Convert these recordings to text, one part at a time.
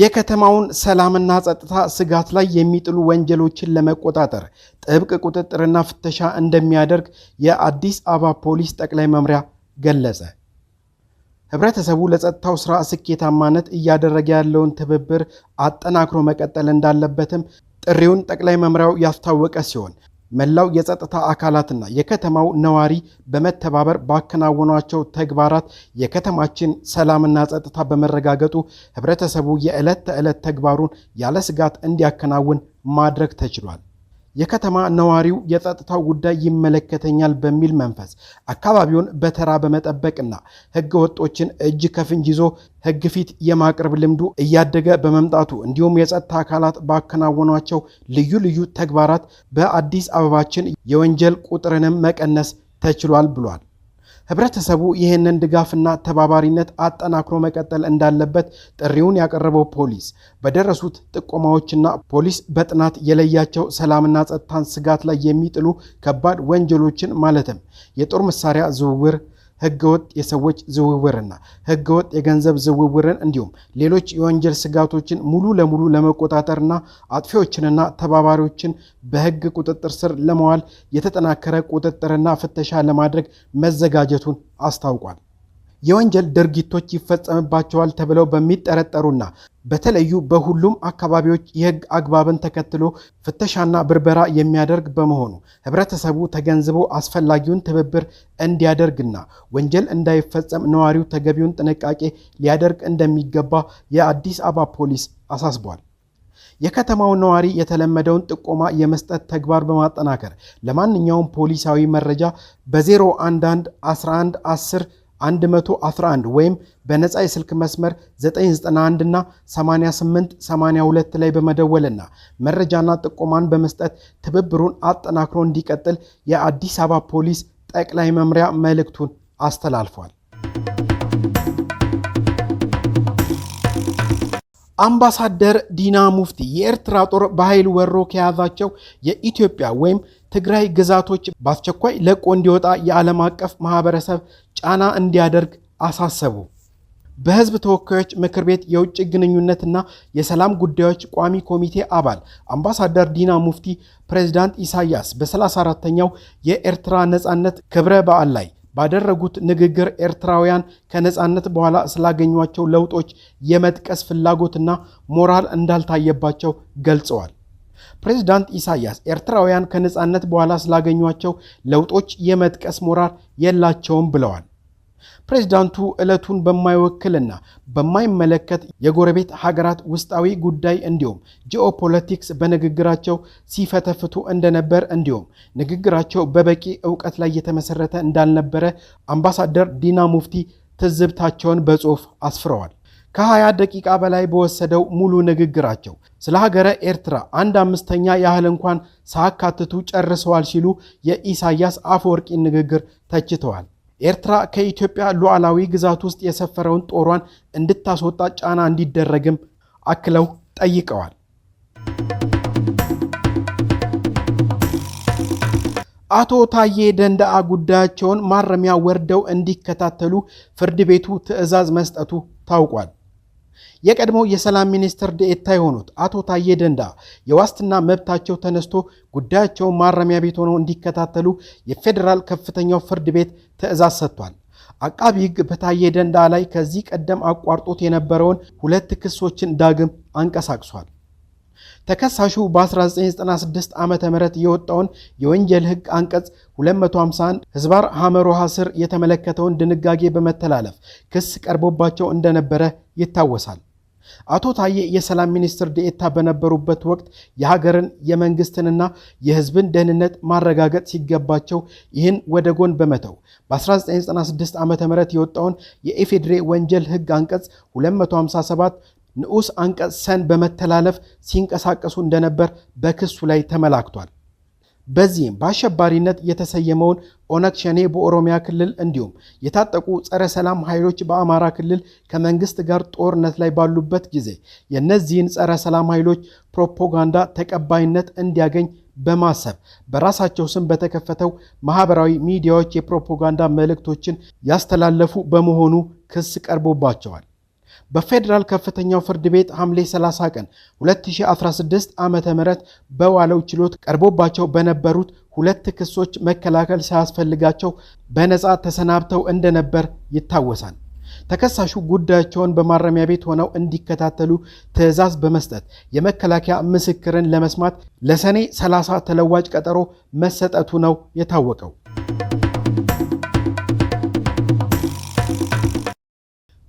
የከተማውን ሰላምና ጸጥታ ስጋት ላይ የሚጥሉ ወንጀሎችን ለመቆጣጠር ጥብቅ ቁጥጥርና ፍተሻ እንደሚያደርግ የአዲስ አበባ ፖሊስ ጠቅላይ መምሪያ ገለጸ። ህብረተሰቡ ለጸጥታው ስራ ስኬታማነት እያደረገ ያለውን ትብብር አጠናክሮ መቀጠል እንዳለበትም ጥሪውን ጠቅላይ መምሪያው ያስታወቀ ሲሆን መላው የጸጥታ አካላትና የከተማው ነዋሪ በመተባበር ባከናወኗቸው ተግባራት የከተማችን ሰላምና ጸጥታ በመረጋገጡ ህብረተሰቡ የዕለት ተዕለት ተግባሩን ያለ ስጋት እንዲያከናውን ማድረግ ተችሏል። የከተማ ነዋሪው የጸጥታው ጉዳይ ይመለከተኛል በሚል መንፈስ አካባቢውን በተራ በመጠበቅና ህገ ወጦችን እጅ ከፍንጅ ይዞ ህግ ፊት የማቅረብ ልምዱ እያደገ በመምጣቱ እንዲሁም የጸጥታ አካላት ባከናወኗቸው ልዩ ልዩ ተግባራት በአዲስ አበባችን የወንጀል ቁጥርንም መቀነስ ተችሏል ብሏል። ህብረተሰቡ ይህንን ድጋፍና ተባባሪነት አጠናክሮ መቀጠል እንዳለበት ጥሪውን ያቀረበው ፖሊስ በደረሱት ጥቆማዎችና ፖሊስ በጥናት የለያቸው ሰላምና ጸጥታን ስጋት ላይ የሚጥሉ ከባድ ወንጀሎችን ማለትም የጦር መሳሪያ ዝውውር ህገወጥ የሰዎች ዝውውርና ህገወጥ የገንዘብ ዝውውርን እንዲሁም ሌሎች የወንጀል ስጋቶችን ሙሉ ለሙሉ ለመቆጣጠርና አጥፊዎችንና ተባባሪዎችን በህግ ቁጥጥር ስር ለመዋል የተጠናከረ ቁጥጥርና ፍተሻ ለማድረግ መዘጋጀቱን አስታውቋል። የወንጀል ድርጊቶች ይፈጸምባቸዋል ተብለው በሚጠረጠሩና በተለዩ በሁሉም አካባቢዎች የሕግ አግባብን ተከትሎ ፍተሻና ብርበራ የሚያደርግ በመሆኑ ህብረተሰቡ ተገንዝቦ አስፈላጊውን ትብብር እንዲያደርግና ወንጀል እንዳይፈጸም ነዋሪው ተገቢውን ጥንቃቄ ሊያደርግ እንደሚገባ የአዲስ አበባ ፖሊስ አሳስቧል። የከተማው ነዋሪ የተለመደውን ጥቆማ የመስጠት ተግባር በማጠናከር ለማንኛውም ፖሊሳዊ መረጃ በ011 11 10 111 ወይም በነፃ የስልክ መስመር 991 እና 88 82 ላይ በመደወልና መረጃና ጥቆማን በመስጠት ትብብሩን አጠናክሮ እንዲቀጥል የአዲስ አበባ ፖሊስ ጠቅላይ መምሪያ መልእክቱን አስተላልፏል። አምባሳደር ዲና ሙፍቲ የኤርትራ ጦር በኃይል ወሮ ከያዛቸው የኢትዮጵያ ወይም ትግራይ ግዛቶች በአስቸኳይ ለቆ እንዲወጣ የዓለም አቀፍ ማህበረሰብ ጫና እንዲያደርግ አሳሰቡ። በህዝብ ተወካዮች ምክር ቤት የውጭ ግንኙነትና የሰላም ጉዳዮች ቋሚ ኮሚቴ አባል አምባሳደር ዲና ሙፍቲ ፕሬዚዳንት ኢሳያስ በ34ተኛው የኤርትራ ነፃነት ክብረ በዓል ላይ ባደረጉት ንግግር ኤርትራውያን ከነፃነት በኋላ ስላገኟቸው ለውጦች የመጥቀስ ፍላጎትና ሞራል እንዳልታየባቸው ገልጸዋል። ፕሬዚዳንት ኢሳያስ ኤርትራውያን ከነፃነት በኋላ ስላገኟቸው ለውጦች የመጥቀስ ሞራል የላቸውም ብለዋል። ፕሬዚዳንቱ ዕለቱን በማይወክልና በማይመለከት የጎረቤት ሀገራት ውስጣዊ ጉዳይ እንዲሁም ጂኦፖለቲክስ በንግግራቸው ሲፈተፍቱ እንደነበር እንዲሁም ንግግራቸው በበቂ እውቀት ላይ የተመሰረተ እንዳልነበረ አምባሳደር ዲና ሙፍቲ ትዝብታቸውን በጽሑፍ አስፍረዋል። ከ ደቂቃ በላይ በወሰደው ሙሉ ንግግራቸው ስለ ሀገረ ኤርትራ አንድ አምስተኛ ያህል እንኳን ሳካትቱ ጨርሰዋል ሲሉ የኢሳያስ አፈወርቂ ንግግር ተችተዋል። ኤርትራ ከኢትዮጵያ ሉዓላዊ ግዛት ውስጥ የሰፈረውን ጦሯን እንድታስወጣ ጫና እንዲደረግም አክለው ጠይቀዋል። አቶ ታዬ ደንደአ ጉዳያቸውን ማረሚያ ወርደው እንዲከታተሉ ፍርድ ቤቱ ትዕዛዝ መስጠቱ ታውቋል። የቀድሞው የሰላም ሚኒስትር ዴኤታ የሆኑት አቶ ታዬ ደንዳ የዋስትና መብታቸው ተነስቶ ጉዳያቸውን ማረሚያ ቤት ሆነው እንዲከታተሉ የፌዴራል ከፍተኛው ፍርድ ቤት ትዕዛዝ ሰጥቷል። አቃቢ ሕግ በታዬ ደንዳ ላይ ከዚህ ቀደም አቋርጦት የነበረውን ሁለት ክሶችን ዳግም አንቀሳቅሷል። ተከሳሹ በ1996 ዓ ም የወጣውን የወንጀል ሕግ አንቀጽ 251 ህዝባር ሐመር ውሃ ስር የተመለከተውን ድንጋጌ በመተላለፍ ክስ ቀርቦባቸው እንደነበረ ይታወሳል። አቶ ታዬ የሰላም ሚኒስትር ዴኤታ በነበሩበት ወቅት የሀገርን የመንግስትንና የህዝብን ደህንነት ማረጋገጥ ሲገባቸው ይህን ወደ ጎን በመተው በ1996 ዓ ም የወጣውን የኢፌድሬ ወንጀል ህግ አንቀጽ 257 ንዑስ አንቀጽ ሰን በመተላለፍ ሲንቀሳቀሱ እንደነበር በክሱ ላይ ተመላክቷል። በዚህም በአሸባሪነት የተሰየመውን ኦነግ ሸኔ በኦሮሚያ ክልል እንዲሁም የታጠቁ ጸረ ሰላም ኃይሎች በአማራ ክልል ከመንግስት ጋር ጦርነት ላይ ባሉበት ጊዜ የእነዚህን ጸረ ሰላም ኃይሎች ፕሮፓጋንዳ ተቀባይነት እንዲያገኝ በማሰብ በራሳቸው ስም በተከፈተው ማህበራዊ ሚዲያዎች የፕሮፓጋንዳ መልእክቶችን ያስተላለፉ በመሆኑ ክስ ቀርቦባቸዋል። በፌዴራል ከፍተኛው ፍርድ ቤት ሐምሌ 30 ቀን 2016 ዓ ም በዋለው ችሎት ቀርቦባቸው በነበሩት ሁለት ክሶች መከላከል ሳያስፈልጋቸው በነፃ ተሰናብተው እንደነበር ይታወሳል። ተከሳሹ ጉዳያቸውን በማረሚያ ቤት ሆነው እንዲከታተሉ ትዕዛዝ በመስጠት የመከላከያ ምስክርን ለመስማት ለሰኔ 30 ተለዋጭ ቀጠሮ መሰጠቱ ነው የታወቀው።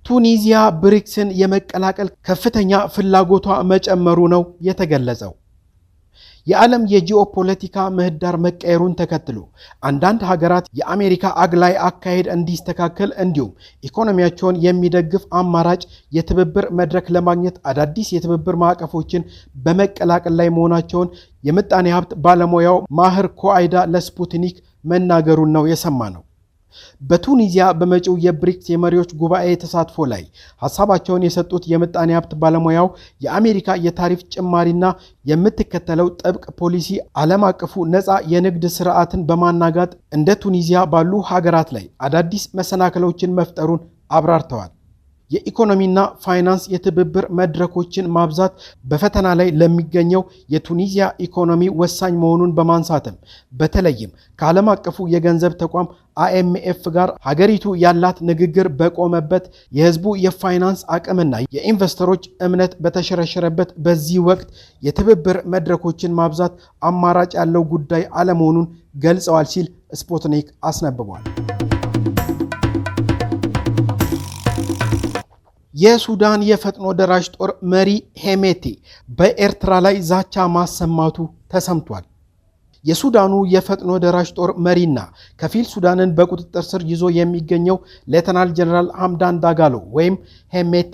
ቱኒዚያ ብሪክስን የመቀላቀል ከፍተኛ ፍላጎቷ መጨመሩ ነው የተገለጸው። የዓለም የጂኦፖለቲካ ምህዳር መቀየሩን ተከትሎ አንዳንድ ሀገራት የአሜሪካ አግላይ አካሄድ እንዲስተካከል እንዲሁም ኢኮኖሚያቸውን የሚደግፍ አማራጭ የትብብር መድረክ ለማግኘት አዳዲስ የትብብር ማዕቀፎችን በመቀላቀል ላይ መሆናቸውን የምጣኔ ሀብት ባለሙያው ማህር ኮአይዳ ለስፑትኒክ መናገሩን ነው የሰማ ነው። በቱኒዚያ በመጪው የብሪክስ የመሪዎች ጉባኤ ተሳትፎ ላይ ሀሳባቸውን የሰጡት የምጣኔ ሀብት ባለሙያው የአሜሪካ የታሪፍ ጭማሪና የምትከተለው ጥብቅ ፖሊሲ ዓለም አቀፉ ነፃ የንግድ ስርዓትን በማናጋት እንደ ቱኒዚያ ባሉ ሀገራት ላይ አዳዲስ መሰናክሎችን መፍጠሩን አብራርተዋል። የኢኮኖሚና ፋይናንስ የትብብር መድረኮችን ማብዛት በፈተና ላይ ለሚገኘው የቱኒዚያ ኢኮኖሚ ወሳኝ መሆኑን በማንሳትም በተለይም ከዓለም አቀፉ የገንዘብ ተቋም ከአይኤም.ኤፍ ጋር ሀገሪቱ ያላት ንግግር በቆመበት የህዝቡ የፋይናንስ አቅምና የኢንቨስተሮች እምነት በተሸረሸረበት በዚህ ወቅት የትብብር መድረኮችን ማብዛት አማራጭ ያለው ጉዳይ አለመሆኑን ገልጸዋል ሲል ስፑትኒክ አስነብቧል። የሱዳን የፈጥኖ ደራሽ ጦር መሪ ሄሜቴ በኤርትራ ላይ ዛቻ ማሰማቱ ተሰምቷል። የሱዳኑ የፈጥኖ ደራሽ ጦር መሪና ከፊል ሱዳንን በቁጥጥር ስር ይዞ የሚገኘው ሌተናል ጀነራል ሐምዳን ዳጋሎ ወይም ሄሜቲ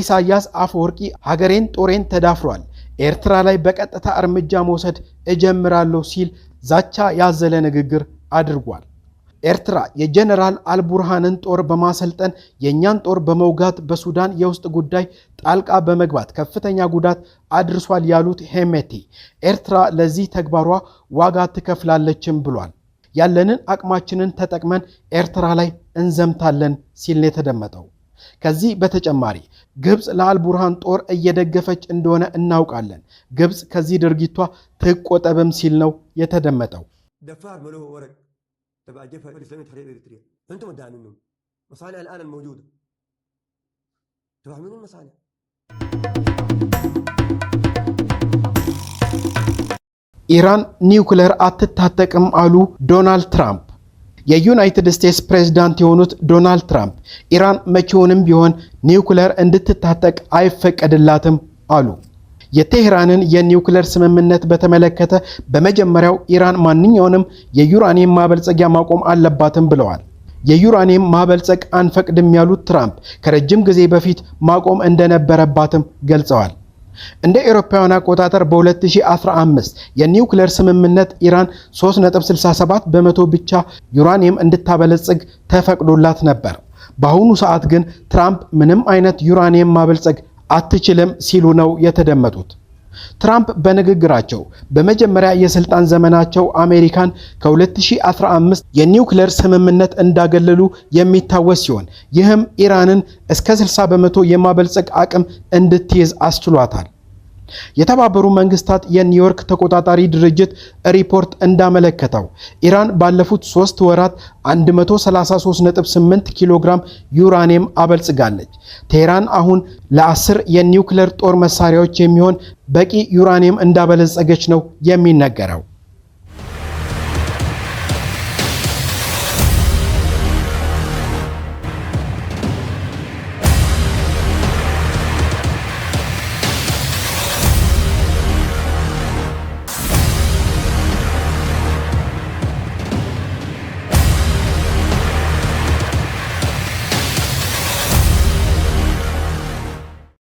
ኢሳያስ አፈወርቂ ሀገሬን ጦሬን ተዳፍሯል፣ ኤርትራ ላይ በቀጥታ እርምጃ መውሰድ እጀምራለሁ ሲል ዛቻ ያዘለ ንግግር አድርጓል። ኤርትራ የጀነራል አልቡርሃንን ጦር በማሰልጠን የእኛን ጦር በመውጋት በሱዳን የውስጥ ጉዳይ ጣልቃ በመግባት ከፍተኛ ጉዳት አድርሷል ያሉት ሄሜቲ ኤርትራ ለዚህ ተግባሯ ዋጋ ትከፍላለችም ብሏል። ያለንን አቅማችንን ተጠቅመን ኤርትራ ላይ እንዘምታለን ሲል ነው የተደመጠው። ከዚህ በተጨማሪ ግብፅ ለአልቡርሃን ጦር እየደገፈች እንደሆነ እናውቃለን። ግብፅ ከዚህ ድርጊቷ ትቆጠብም ሲል ነው የተደመጠው። تبع الجبهه الاسلاميه تحرير اريتريا انتم الداعي منهم مصانع الان الموجوده تبع من المصانع؟ ኢራን ኒውክሌር አትታጠቅም አሉ ዶናልድ ትራምፕ። የዩናይትድ ስቴትስ ፕሬዝዳንት የሆኑት ዶናልድ ትራምፕ ኢራን መቼውንም ቢሆን ኒውክሌር እንድትታጠቅ አይፈቀድላትም አሉ። የቴህራንን የኒውክሌር ስምምነት በተመለከተ በመጀመሪያው ኢራን ማንኛውንም የዩራኒየም ማበልጸጊያ ማቆም አለባትም ብለዋል። የዩራኒየም ማበልጸግ አንፈቅድም ያሉት ትራምፕ ከረጅም ጊዜ በፊት ማቆም እንደነበረባትም ገልጸዋል። እንደ ኤሮፓውያን አቆጣጠር በ2015 የኒውክሌር ስምምነት ኢራን 3.67 በመቶ ብቻ ዩራኒየም እንድታበለጽግ ተፈቅዶላት ነበር። በአሁኑ ሰዓት ግን ትራምፕ ምንም አይነት ዩራኒየም ማበልጸግ አትችልም ሲሉ ነው የተደመጡት። ትራምፕ በንግግራቸው በመጀመሪያ የስልጣን ዘመናቸው አሜሪካን ከ2015 የኒውክሌር ስምምነት እንዳገለሉ የሚታወስ ሲሆን ይህም ኢራንን እስከ 60 በመቶ የማበልጸግ አቅም እንድትይዝ አስችሏታል። የተባበሩ መንግስታት የኒውዮርክ ተቆጣጣሪ ድርጅት ሪፖርት እንዳመለከተው ኢራን ባለፉት ሶስት ወራት 133.8 ኪሎ ግራም ዩራኒየም አበልጽጋለች። ቴህራን አሁን ለአስር የኒውክሌር ጦር መሳሪያዎች የሚሆን በቂ ዩራኒየም እንዳበለጸገች ነው የሚነገረው።